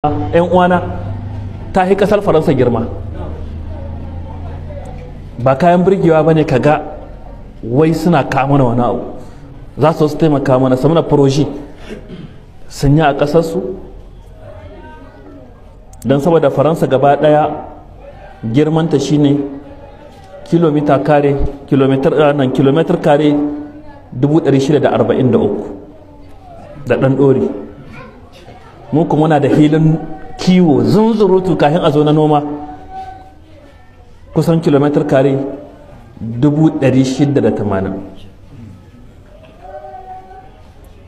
'yan uwana ta yi kasar faransa girma ba kayan birgewa ba ne ka ga wai suna kamuna wani abu za su taimaka mana su mana furoshi sun yi a ƙasarsu don saboda faransa gaba ɗaya girmanta shine kilomita kare kilomitar eh, kilomitar kare 643 da ɗan ɗori mu kuma na da hilin kiwo zunzurutu kafin a zo na noma kusan kilomitar kare 680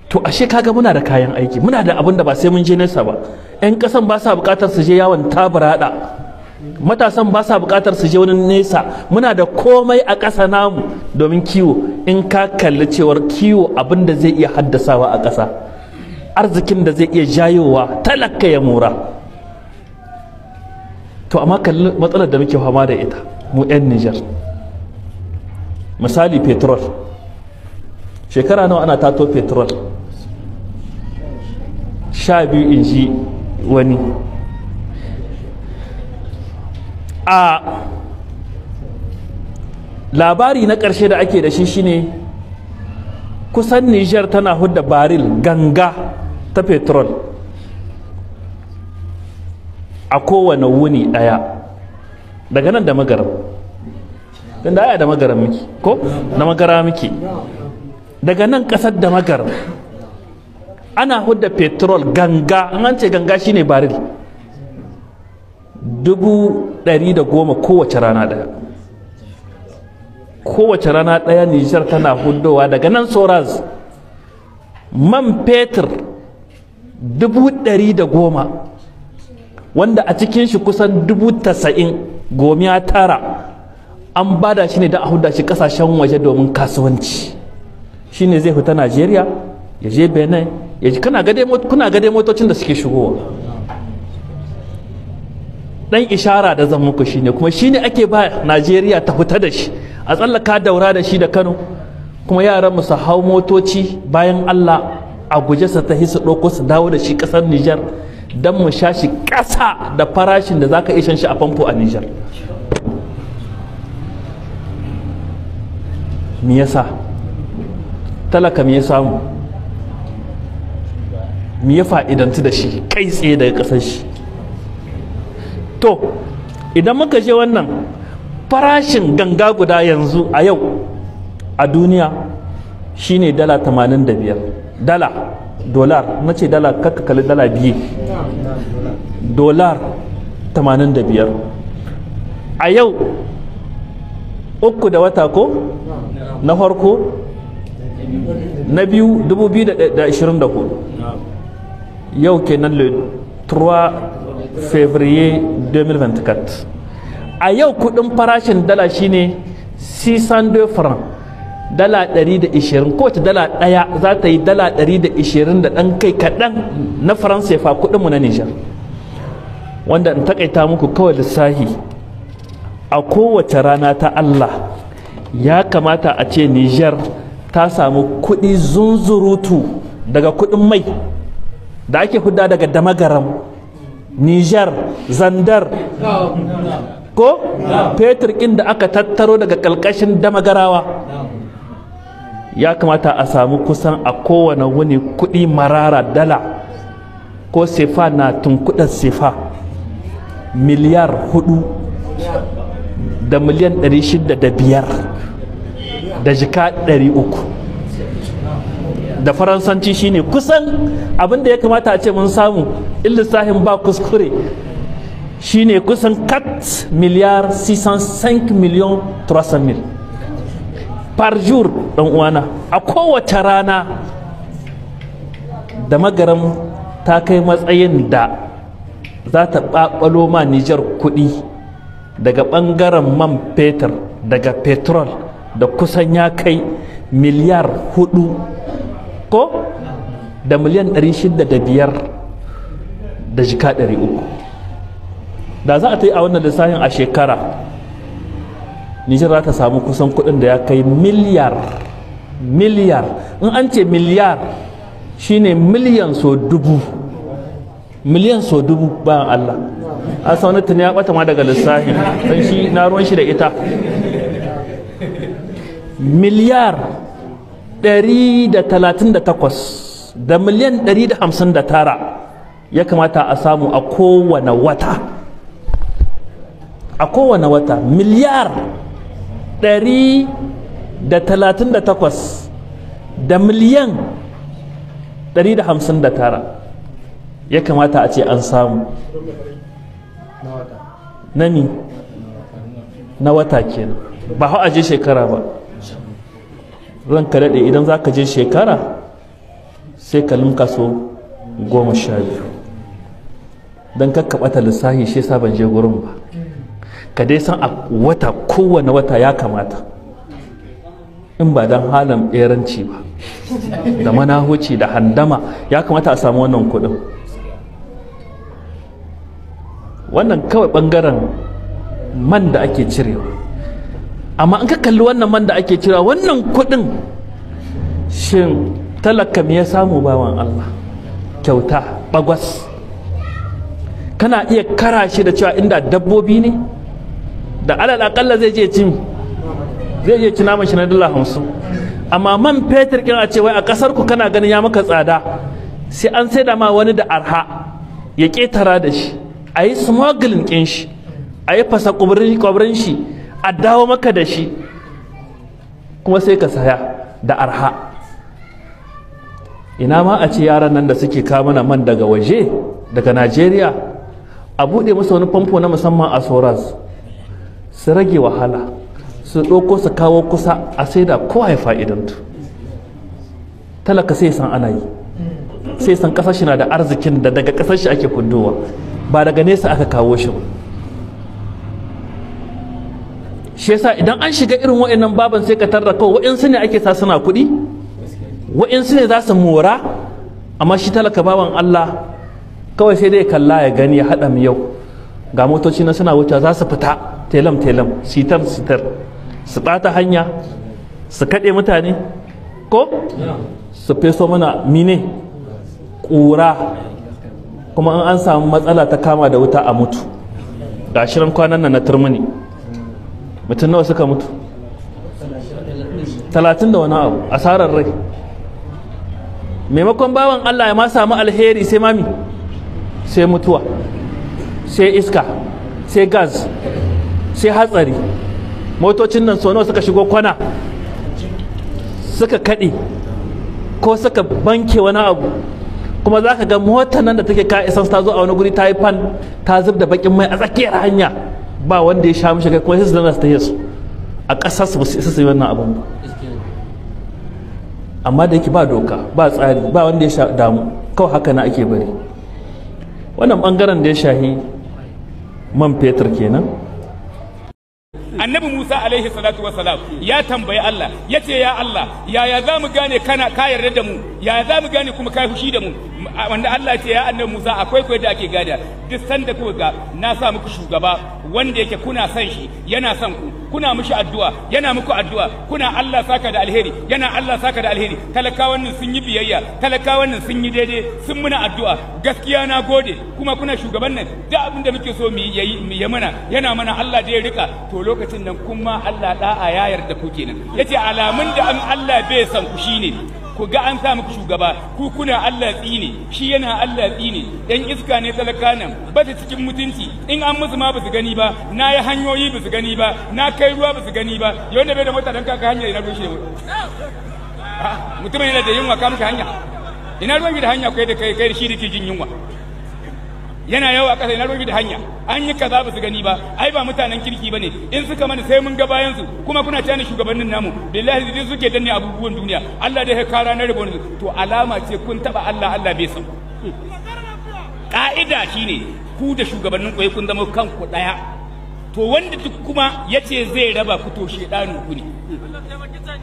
to ashe kaga muna da kayan aiki muna da abin da ba sai mun je nesa ba 'yan kasan ba sa bukatar su je yawon tabarada matasan ba sa bukatar su je wani nesa muna da komai a ƙasa namu domin kiwo in ka kalli cewar kiwo abin da zai iya haddasawa a ƙasa arzikin da zai iya jayowa talaka ya mura to amma kalli matsalar da muke fama da ita mu 'yan Nijar misali petrol shekara nawa ana tato petrol sha biyu in wani a labari na ƙarshe da ake da shi shine kusan niger tana hudda baril ganga ta petrol a kowane wuni daya daga nan da magaram don da aya da magaram miki ko da magara miki daga nan kasar da magaram ana hudda petrol ganga an ce ganga shine baril dubu ɗari da goma kowace rana daya kowace rana ɗaya nijar tana hudowa daga nan soraz man fetur dubu ɗari da goma wanda a cikin shi kusan dubu tasa'in gomiya tara an bada shi ne don a huda shi kasashen waje domin kasuwanci shi ne zai fita najeriya ya je benin ya ji kuna gade motocin da suke shigowa Ɗan ishara da zan muku shine kuma ne ake ba najeriya ta huta da shi a tsallaka daura da shi da kano kuma yaran su hau motoci bayan allah a guje su tafi su ɗauko su dawo da shi ƙasar nijar don mu sha shi ƙasa da farashin da za ka ishan shi a famfo a nijar me yasa talaka me ya samu me ya fa'idanci da shi kai tsaye daga ƙasar shi to idan muka je wannan farashin ganga guda yanzu a yau a duniya shine dala 85 dala dolar na ce dala kakakali dala biyu dolar 85 a yau uku da wata ko na farko na biyu 2024 yau kenan le 3 février 2024 a yau kudin farashin dala shine 600 franc dala 120 kowace dala daya za ta yi dala 120 da dan kai kadan na faransa fa mu na nijar wanda in takaita muku kawai lissahi a kowace rana ta allah ya kamata a ce nijar ta samu kudi zunzurutu daga kudin mai da ake hudda daga damagaram nijar zandar ko fetur ɗin da aka tattaro daga ƙalƙashin damagarawa ya kamata a samu kusan a kowane wuni kuɗi marara dala ko sefa na tunkuɗar sefa miliyar hudu da miliyan ɗari shida da biyar da jika ɗari uku da faransanci shine kusan abinda ya kamata a ce mun samu illisahin ba kuskure shine kusan 4 miliyar 605 miliyan 300 mil par jour ɗan uwana a kowace rana da magaram ta kai matsayin da za ta ɓaɓalo ma nijar kuɗi daga ɓangaren man fetur daga petrol da kusan ya kai miliyar hudu ko da miliyan biyar da jika 300 da za a ta yi a wannan lissafin a shekara nijar za ta samu kusan kudin da ya kai miliyar miliyar in an ce miliyar shine miliyan so dubu miliyan so dubu bayan allah a sauni tuni ya bata ma daga lissafin don shi na ruwan shi da ita miliyar 138 da miliyan 159 ya kamata a samu a kowane wata a kowane wata miliyar 138 da miliyan 159 ya kamata a ce an samu Na ni na wata kenan ba hau aje shekara ba ran ka daɗe idan za ka je shekara sai ka limka so goma sha biyu don ɓata lissahi shi sa ban je gurin ba ka dai san a wata kowane wata ya kamata in ba don halin ɓeranci ba da manahuci da handama ya kamata a samu wannan kudin wannan kawai ɓangaren man da ake cirewa amma an ka kalli wannan man da ake cirewa wannan kuɗin. shin talaka me ya samu bawan Allah kyauta bagwas kana iya kara shi da cewa inda dabbobi ne da alal akalla zai je cin zai je ci naman shi na dala hamsin amma man fetur kin a ce wai a kasar ku kana ganin ya maka tsada sai an sai da ma wani da arha ya ketara da shi a yi smuggling kin shi a yi fasa kwabirin shi a dawo maka da shi kuma sai ka saya da arha ina ma a ce yaran nan da suke kamuna man daga waje daga najeriya a buɗe musu wani famfo na musamman a soras su rage wahala su ɗauko su kawo kusa a ko haifa ya tu talaka sai san ana yi sai san ƙasar shi na da arzikin da daga ƙasar shi ake kundowa ba daga nesa aka kawo shi ba shi yasa idan an shiga irin wa'annan baban sai ka tarra kawai wa'insu ne ake sa suna kuɗi wa'insu ne za su mora amma shi talaka baban Allah kawai sai dai kalla ya gani ya haɗa mu yau ga motoci na suna wuta za su fita telam telam sitar sitar su ɓata hanya su kaɗe mutane ko su feso mana mine ƙura kuma an an samu matsala ta kama da wuta a mutu ga shirin kwanan nan na turmini mutum nawa suka mutu talatin da wani abu asarar rai maimakon bawan allah ya ma samu alheri sai mami sai mutuwa sai iska sai gas sai hatsari motocin nan sono suka shigo kwana suka kaɗe ko suka banke wani abu kuma za ka ga motar nan da take ka isan ta zo a wani guri ta yi fan ta zub da bakin mai a tsakiyar hanya ba wanda ya sha mishi kai kuma sai su zana su ta su a ƙasar su isa su yi wannan abin ba amma da yake ba doka ba tsari ba wanda ya sha damu kawai haka na ake bari wannan bangaren da ya shahi man fetur kenan annabi Musa alaihi salatu wasalam ya tambayi Allah ya ce ya Allah yaya za mu gane kana ka yarda da mu yaya za mu gane kuma ka fushi da mu wanda Allah ce ya annabi Musa akwai koyar da ake gada duk sanda kuka ga na sa muku shugaba wanda yake kuna son shi yana son ku kuna mishi addu'a yana muku addu'a kuna Allah saka da alheri yana Allah saka da alheri talakawan nan sun yi biyayya talakawan nan sun yi daidai sun muna addu'a gaskiya na gode kuma kuna shugaban nan duk abin da muke so mu yi mana yana mana Allah da ya rika to lokaci. lokacin nan kuma Allah da'a ya yarda ku kenan yace alamun da an Allah bai san ku shine ku ga an sa muku shugaba ku kuna Allah tsine shi yana Allah tsine dan iska ne talaka nan ba ta cikin mutunci in an musu ma basu gani ba na yi hanyoyi basu gani ba na kai ruwa basu gani ba yau da bai da mota dan kaka hanya ina rushe ah, mutumin yana da yunwa ka mushi hanya ina ruwan gida hanya kai da kai kai shi da ke jin yunwa yana yawo a ƙasa yana rubi da hanya an yi kaza ba su gani ba ai ba mutanen kirki bane in suka mana sai mun ga bayan su kuma kuna tana shugabannin namu billahi zai suke danne abubuwan duniya Allah da ya kara na rubon to alama ce kun taba Allah Allah bai san ka'ida shine ku da shugabannin koyi kun zama kanku daya to wanda duk kuma yace zai raba ku to shedanu ku ne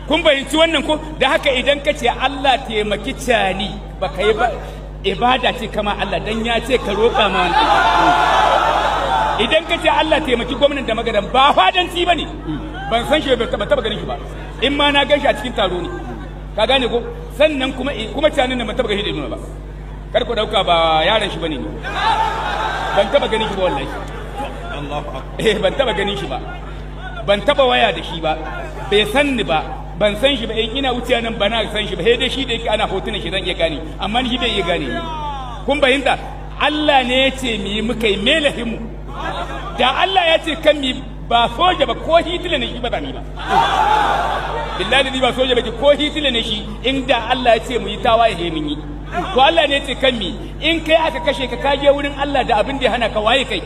kun fahimci wannan ko da haka idan ka ce Allah taimaki cani baka yi ba ibada ce kama Allah dan ya ce ka roƙa ma wani idan ka ce Allah taimaki gwamnan da magadan ba fadanci ba ne ban san shi ba taba ganin shi ba in ma na gan shi a cikin taro ne ka gane ko sannan kuma eh, kuma canin da ban taba ganin shi da ba kar ku dauka ba yaran shi bane ne ban taba ganin shi ba wallahi eh ban taba ganin shi ba ban taba waya da shi ba bai san ni ba ban san shi ba in ina wuce nan ba na san shi ba sai dai shi da yake ana hotuna shi zan iya gane amma shi bai iya gane kun bayyanta Allah ne ya ce mi muka yi melahimu da Allah ya ce kan mi ba soja ba ko hitila ne shi ba zami ba billahi ba soja ba ko hitila ne shi inda Allah ya ce mu yi tawaye he mun yi ko Allah ne ya ce kan mi in kai aka kashe ka kaje wurin Allah da abin da ya hana ka waye kai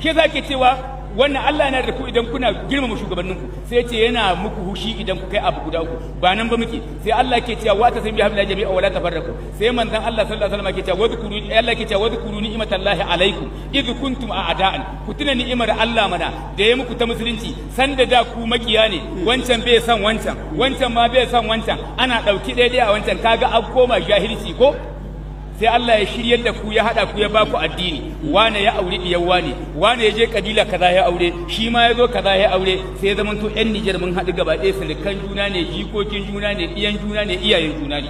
shi zaki cewa wannan Allah yana da ku idan kuna girmama shugabanninku sai ce yana muku hushi idan ku kai abu guda uku ba nan ba muke sai Allah ke cewa wata sai bi habillahi jami'a wala tafarraqu sai manzon Allah sallallahu alaihi wasallam ke cewa wadhkuru Allah ke cewa wadhkuru ni'matallahi alaikum idh kuntum a'da'an ku tuna ni'imar Allah mana da ya muku ta musulunci san da da ku makiya ne wancan bai san wancan wancan ma bai san wancan ana dauki daidai a wancan kaga an koma jahilci ko sai Allah ya shiryar da ku ya hada ku ya ba ku addini wane ya aure diyan wane wane ya je kabila kaza ya aure shi ma ya zo kaza ya aure sai zaman to yan Niger mun haɗu gaba ɗaya sulukan juna ne jikokin juna ne iyan juna ne iyayen juna ne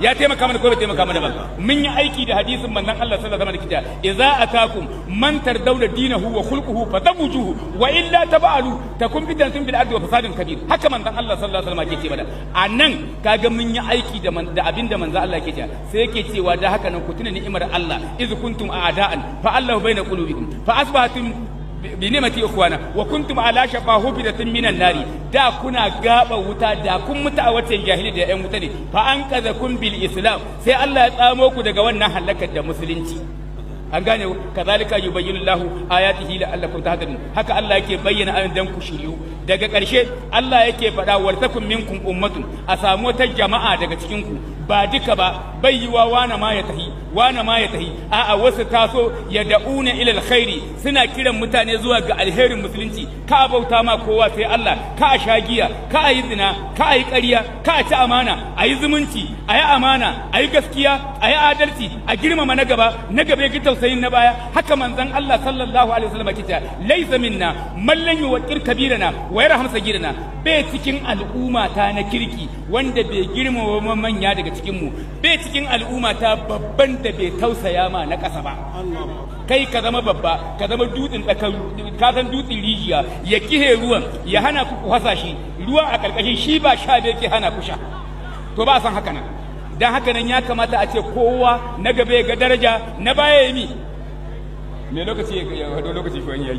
ya taimaka mana ko bai taimaka mana ba mun yi aiki da hadisin manzon Allah sallallahu alaihi wasallam da kita idza atakum man tardawna dinahu wa khulquhu fatabujuhu wa illa tabalu takun bidatun bil ardi wa fasadun kabir haka manzon Allah sallallahu alaihi wasallam yake ce mana anan kaga mun yi aiki da abinda manzon Allah yake ce sai yake cewa da haka nan ku tuna ni'imar Allah iz kuntum a'da'an fa Allahu baina qulubikum fa asbahatum bi ni'mati ikhwana wa kuntum ala shafa hubidatin minan nari da kuna gaba wuta da kun mutu a watan jahili da yan wuta ne fa an kun bil islam sai Allah ya tsamo ku daga wannan halakar da musulunci an gane kazalika yubayyinu Allahu ayatihi la'allakum tahtadun haka Allah yake bayyana ayoyin dan ku shiryu daga ƙarshe Allah yake faɗa waltakum minkum ummatun a samu ta jama'a daga cikin ku ba duka ba bai yiwa na ma ya tahi wane ma ya tahi a'a wasu taso ya da'una ila alkhairi suna kiran mutane zuwa ga alherin musulunci ka bauta ma kowa sai Allah ka sha giya ka yi zina ka yi ƙarya ka ci amana a yi zumunci a yi amana a yi gaskiya a yi adalci a girmama na gaba na gaba ya ki tausayin na baya haka manzon Allah sallallahu alaihi wasallam ta laisa minna mallan yuwaqqir kabirana wa yarham sagirana bai cikin al'umma ta na kirki wanda bai girmama manya daga cikin mu bai cikin al'umma ta babban wanda bai tausaya ma na ƙasa ba kai ka zama babba ka zama dutsen tsakar ka san dutsen rijiya ya kihe ruwan ya hana ku ku hasa shi ruwa a ƙarƙashin shi ba sha bai ke hana ku sha to ba san haka nan dan haka nan ya kamata a ce kowa na gaba ya ga daraja na baya ya mi me lokaci ya hado lokaci ko yayi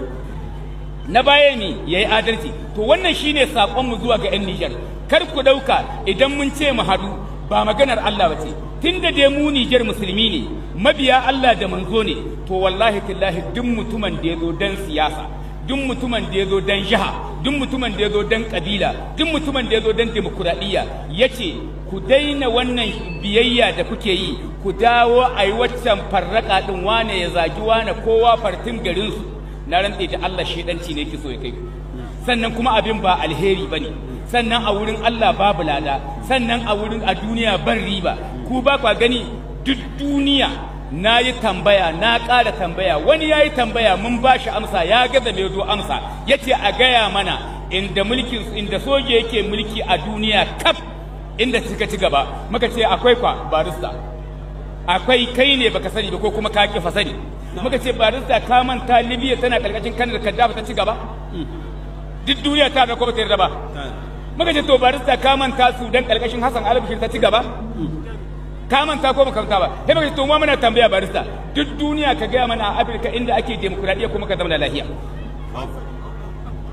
na baya ne yayi adalci to wannan shine saƙonmu zuwa ga 'yan Nijar kar ku ɗauka idan mun ce mu haɗu ba maganar Allah bace tunda dai mu Niger musulmi ne mabiya Allah da manzo ne to wallahi tallahi duk mutumin da yazo dan siyasa duk mutumin da yazo dan jiha duk mutumin da yazo dan kabila duk mutumin da yazo dan demokradiyya yace ku daina wannan biyayya da kuke yi ku dawo a yi waccan farraka din wane ya zagi wane kowa fartin garinsu na rantse da Allah shedanci ne ki so ya kai sannan kuma abin ba alheri bane sannan a wurin Allah babu lada sannan a wurin a duniya ban riba ku ba kwa gani duk duniya na yi tambaya na ƙara tambaya wani ya yi tambaya mun ba shi amsa ya gaza mai zo amsa ya ce a gaya mana inda mulkin inda soja yake mulki a duniya kaf inda suka ci gaba muka ce akwai kwa barista akwai kai ne baka sani ba ko kuma ka kifa sani muka ce barista ka manta libya tana karkashin kanar kaddafi ta ci gaba duk duniya ta da ko ba ta yarda ba muka ce to barista ka manta su dan karkashin Hassan Albashir ta ci gaba ka manta ko baka ba sai muka ce to mu muna tambaya barista duk duniya ka gaya mana a Afirka inda ake demokradiyya kuma ka zama lafiya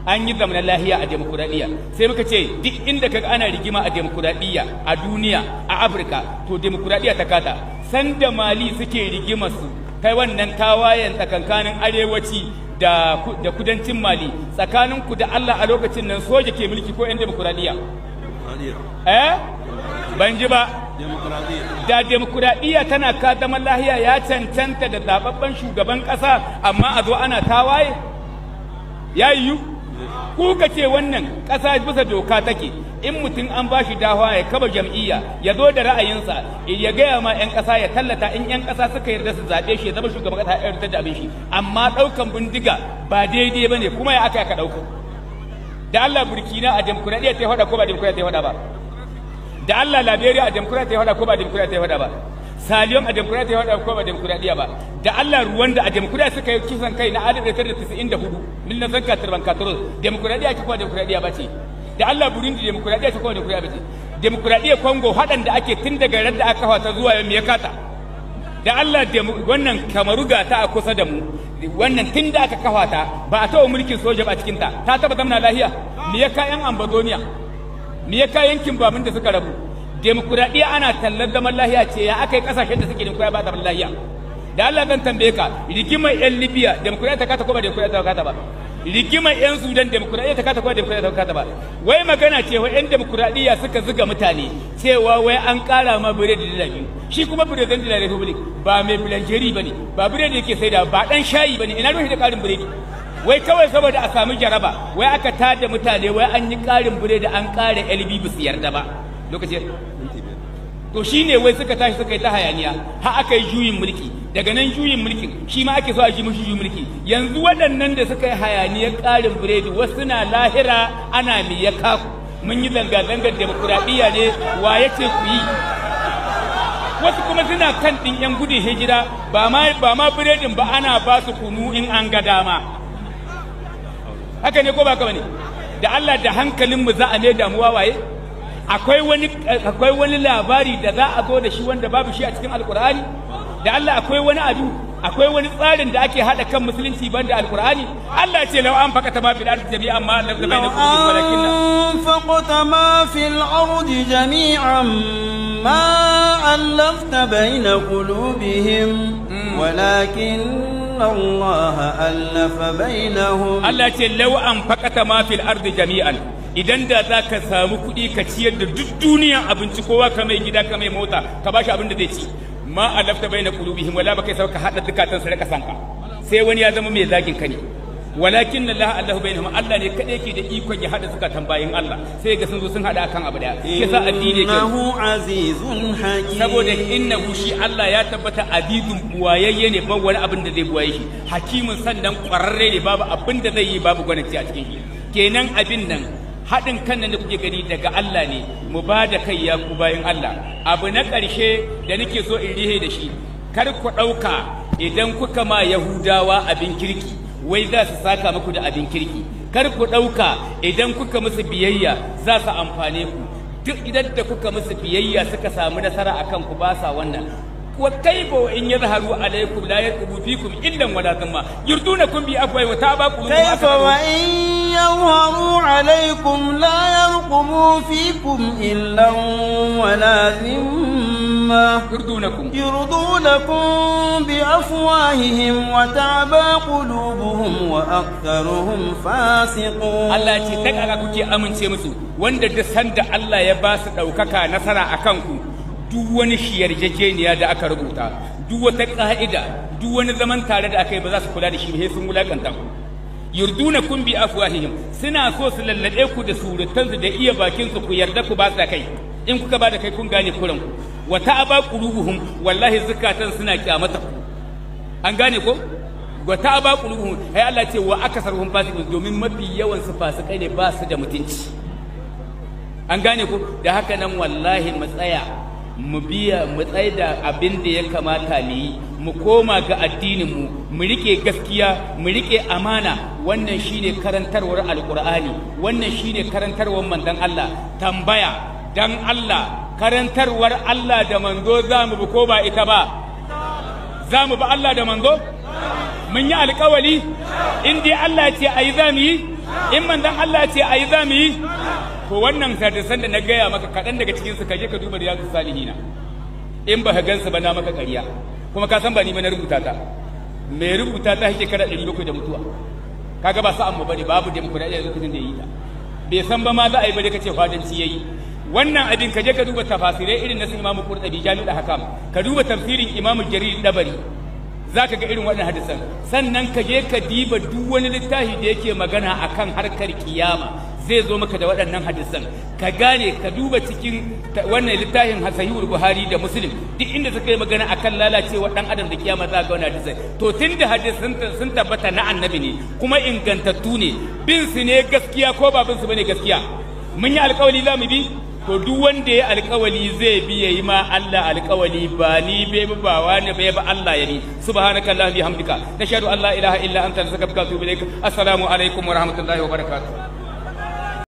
an yi zaman lahiya a demokuraɗiyya sai muka ce duk inda kaga ana rigima a demokuraɗiyya a duniya a afirka to demokuraɗiyya ta kata sanda mali suke rigima su kai wannan tawayen tsakankanin arewaci da kudancin mali tsakanin ku da Allah a lokacin nan soja ke mulki ko yan demokuraɗiyya eh ban ji ba da demokuraɗiyya tana ka zaman lahiya ya cancanta da zababben shugaban ƙasa amma a zo ana tawaye ya yiwu ku ka ce wannan ƙasa bisa doka take in mutum an ba shi dawa ya kaba jam'iyya ya zo da ra'ayinsa ya gaya ma 'yan ƙasa ya tallata in 'yan ƙasa suka yarda su zaɓe shi ya zama shugaban ƙasa ya yarda da abin shi amma ɗaukan bindiga ba daidai ba ne kuma ya aka aka ɗauka da Allah burkina a demokuraɗiyya ta yi haɗa ko ba demokuraɗiyya ta yi haɗa ba da Allah laberiya a demokuraɗiyya ta yi haɗa ko ba demokuraɗiyya ta yi haɗa ba saliyon a demokuraɗiyya wadda kuma ba demokuraɗiyya ba da Allah ruwan da a demokuraɗiyya suka yi kisan kai na alif da da tisa'in da hudu mil zan zanka tarban katoro demokuraɗiyya ce kuma demokuraɗiyya ba ce da Allah burundi demokuraɗiyya ce kuma demokuraɗiyya ba ce demokuraɗiyya kongo haɗan da ake tun daga ran da aka kafa zuwa yau ya kata da Allah wannan kamaru ga ta a kusa da mu wannan tun da aka kafa ta ba a taɓa mulkin soja ba a cikinta ta taɓa zamana lahiya me ya kayan ambazoniya me ya kayan kimbamin da suka rabu demokuraɗiyya ana tallar zaman mallahiya ce ya aka yi ƙasashen da suke demokuraɗiyya ba da mallahiya da Allah zan tambaye ka rigimar 'yan Libya demokuraɗiyya ta kata kuma ba demokuraɗiyya ta kata ba rigimar 'yan Sudan demokuraɗiyya ta kata kuma ba demokuraɗiyya ta kata ba wai magana ce wa 'yan demokuraɗiyya suka zuga mutane cewa wai an ƙara ma biredi dila biyu shi kuma president da republic ba mai bilanjeri ba ne ba biredi yake saida ba ɗan shayi ba ne ina ruhi da ƙarin biredi wai kawai saboda a samu jaraba wai aka tada mutane wai an yi ƙarin biredi an ƙara lb ba su yarda ba lokaci to shine wai suka tashi suka yi ta hayaniya har aka yi juyin mulki daga nan juyin mulkin shi ma ake so a ji mushi juyin mulki yanzu waɗannan da suka yi hayaniyar ƙarin biredi wasu na lahira ana mai ya kaku mun yi zanga-zangar demokuraɗiyya ne wa ya ce ku yi wasu kuma suna kan ɗin 'yan gudun hijira ba ma ba biredin ba ana ba su kunu in an ga dama haka ne ko ba ka ne da Allah da hankalinmu za a ne damuwa waye akwai wani akwai wani labari da za a zo da shi wanda babu shi a cikin alkur'ani da Allah akwai wani abu akwai wani tsarin da ake hada kan musulunci banda alkur'ani Allah ce law an faqata ma fil ardi jami'an ma lam tabayna qulubihim walakinna an faqata ma fil ardi jami'an ma allafta bayna qulubihim walakin الله ألف بينهم الله لو أنفقت ما في الأرض جميعا idan da za ka samu kuɗi ka ciyar da duk duniya abinci kowa ka mai gida ka mai mota ka bashi abin da zai ci ma lafta bai na kulubihim wala baka sai ka haɗa dukatan su sanka sai wani ya zama mai zagin ka ne walakin na Allah bai nama. Allah ne kadai ke da ikon ya hada suka tambayin Allah sai ga sun zo sun hada akan abu daya sai sa addini ke azizun hakim saboda inna shi Allah ya tabbata azizun buwayayye ne ba wani abin da zai buwaye shi hakimin sannan ƙwararre ne babu abin da zai yi babu gwanaci a cikin shi kenan abin nan haɗin kan da kuke gani daga Allah ne mu ba da kai ya ku bayan Allah abu na ƙarshe da nake so in rihe da shi kar ku ɗauka idan kuka ma Yahudawa abin kirki wai za su saka muku da abin kirki kar ku ɗauka idan kuka musu biyayya za su amfane ku duk idan da kuka musu biyayya suka samu nasara a kan ku ba sa wannan wa kaifa wa in yadharu alaykum la yaqubu fikum illa wala dhamma yurdunakum bi afwahi wa ta'aba qulubukum kaifa wa in yadharu alaykum la yarqubu fikum illa wala dhimma العامة يرضونكم يرضونكم بأفواههم وتعبى قلوبهم وأكثرهم فاسقون الله يتك على كوكي أمن سيمسو وند دسند الله يباس دوكاكا نصر أكانكو duk wani yarjejeniya da aka rubuta duk wata ka'ida duk wani zaman tare da aka yi ba za su kula da shi ba sun wulakanta yurduna kun bi afwahihim suna so su lallabe ku da surutansu da iya bakinsu ku yarda ku ba sa kai in kuka ba da kai kun gane kuran ku wa ta'aba qulubuhum wallahi zakatan suna kiyamata an gane ko wa ta'aba qulubuhum ai Allah ce wa akasaruhum fasiqun domin mafi yawan su fasikai ne ba su da mutunci an gane ko da haka nan wallahi mu tsaya mu biya mu tsaya da abin da ya kamata mu yi mu koma ga addinin mu mu rike gaskiya mu rike amana wannan shine karantarwar alqur'ani wannan shine karantarwar Mandan Allah tambaya dan Allah karantarwar Allah da manzo za mu bi ko ba ita ba za mu bi Allah da manzo mun yi alkawali in dai Allah ce ayi za mu yi in dan Allah ce ayi za mu yi to wannan hadisan da na gaya maka kaɗan daga cikin su kaje ka duba riyadu salihina in ba ka gansu ba na maka ƙarya kuma ka san ba ni ba na rubuta ta mai rubuta ta hake kara ɗari bakwai da mutuwa kaga ba sa'an mu bane babu demokradiyya lokacin da ya yi ta bai san ba ma za a yi bare kace fadanci yayi wannan abin ka je ka duba tafasirai irin na su imamu qurtubi jami'ul hakam ka duba tafsirin imamu jarir dabari zaka ga irin wannan hadisan sannan ka je ka diba duk wani littafi da yake magana akan harkar kiyama zai zo maka da waɗannan hadisan ka gane ka duba cikin wannan littafin sahihul buhari da muslim duk inda suka yi magana akan lalacewa dan adam da kiyama za ga wannan hadisan to tunda hadisan sun tabbata na annabi ne kuma ingantattu ne bin su ne gaskiya ko ba bin su bane gaskiya mun yi alƙawari za mu bi to duk wanda ya alkawali zai bi yayi ma Allah alkawali ba ni be ba ba wani be ba Allah yani subhanaka allah bihamdika nashhadu an la ilaha illa anta astaghfiruka wa atubu ilaik assalamu alaikum wa rahmatullahi wa barakatuh